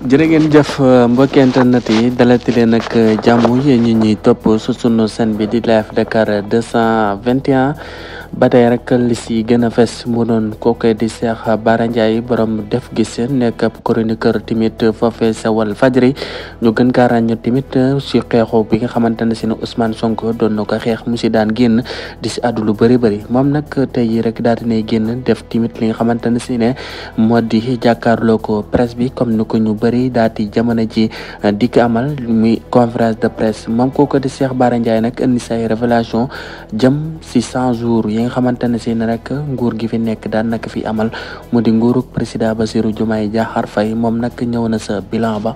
jërë ngeen jëf euh, mbokki internet yi dalati leen ak euh, jàmm yéen ñi ñuy topp su sunu seen bi di live Dakar 221 ba tey rek li si gën a fes mu doon kooku di Cheikh Bara Ndiaye borom def gi seen nekk ab chroniqueur tamit foofee sa wal fajri ñu gën kaa ràññee tamit si xeexoo bi nga xamante ne si ne Ousmane Sonko doon na ko xeex mu si daan génn di si àddu lu bëri bëri moom nag tey jii rek daal dinay génn def tamit li nga xamante ne si ne moo di jàkkaarloo ko bi comme ni ko ñu bëri daal di jamono ji di ko amal muy conférence de presse moom kooku di Cheikh Bara Ndiaye nag indi say révélation jëm si 100 jours yi nga xamante ne si rek nguur gi fi nekk daan nag fi amal mu di nguurug président Bassirou Diomaye Diakhar Faye moom nag ñëw na sa bilan ba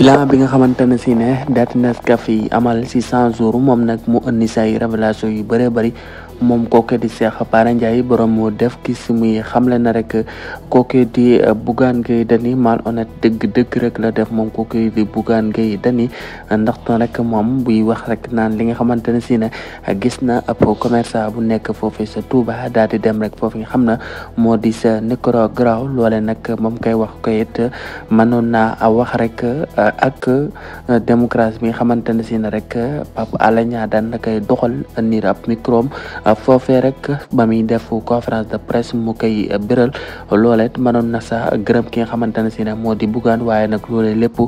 bilan bi nga xamante ne si ne daat Nescafé yi amal si 100 jours moom nag mu indi say révélation yu bëree bëri moom kooke di Cheikh Bara Ndiaye borom moo def ki si muy xamle na rek kooke di Bougane Gueye Dany malhonnête dëgg dëgg rek la def moom kooke di Bougane Gueye Dany ndaxte rek moom buy wax rek naan li nga xamante ne si ne gis na ab commerçant bu nekk foofu sa Touba daal di dem rek foofu nga xam na moo di sa graw loole nag moom koy wax ko noon na a wax rek. ak euh, démocratie bi nga xamante ne si rek euh, Pape Alé Niang daan na koy doxal niir ab micro euh, foofee rek ba muy def conférence de presse mu koy biral loolet mënoon na sax gërëm ki nga xamante ne si ne moo di Bougane waaye nag loolee lépp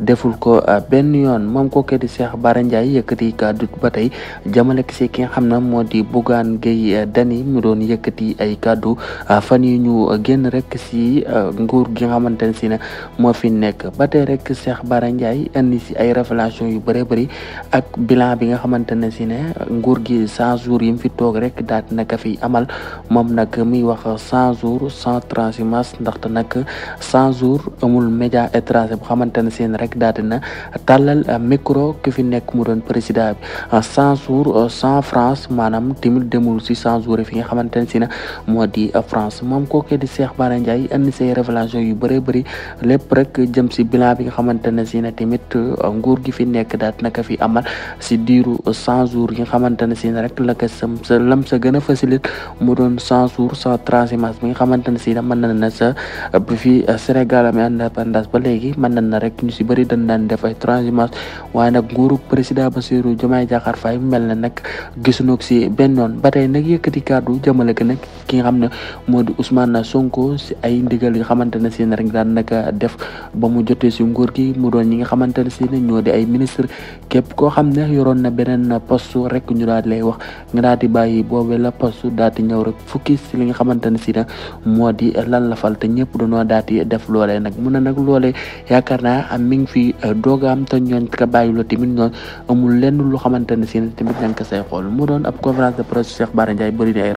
deful ko benn yoon moom ko kee di Cheikh Bara Ndiaye yëkkati kàddu ba tey jamale si ki nga xam ne moo di Bougane Gueye Dany mu doon yëkkati ay kàddu fan yi ñu génn rek si nguur gi nga xamante ne moo fi nekk ba tey rek Cheikh Bara Ndiaye indi si ay révélation yu bëree bëri ak bilan bi nga xamante ne si ne nguur gi cent jours yi mu fi toog rek daal di nag fi amal moom nag muy wax cent jours sans transhumance ndaxte nag cent jours amul média étranger bu xamante ne seen rek daal di na tàllal micro ki fi nekk mu doon président bi cent jours sans France maanaam timit demul si cent jours yi fi nga xamante ne si ne moo di France moom kookee di Cheikh Bara Ndiaye indi si ay révélation yu bëree bëri lépp rek jëm si bilan bi nga xamante xamante ne si tamit euh, nguur gi fi nek dat naka fi amal ci diru yang jours yi nga xamante rek la ko sam sa lam sa gëna a facilit mu don 100 jours sa transimas bi nga xamante na na sa euh, bu fi euh, Sénégal am indépendance ba léegi man na na rek ñu ci bari dañ dan def ay transimas way nak nguurug président Bassirou jomay fay mel na nak gisunu si Benon, pada ba ketika nag yëkkati kàddu nak ko nag ki nga xamne modou Ousmane Sonko ci ay ndigal yi rek dan naka def ba mu jotté ci nguur gi mu doon ñi nga xamante ne si ñoo di ay ministre képp koo xam ne yoroon na beneen post rek ñu daal lay wax nga daal di bàyyi boobee la poste daal di ñëw rek fukki si li nga xamante ne si nag moo di lan la fal te ñëpp dañoo daal di def loole nag mu ne nag loole yaakaar naa mi ngi fi doog am te ñooñ ka bàyyi loo tamit ñooñ amul lenn lu xamante ne si tamit nañ ko say xool mu doon ab conférence de presse Cheikh Bara Ndiaye bëri na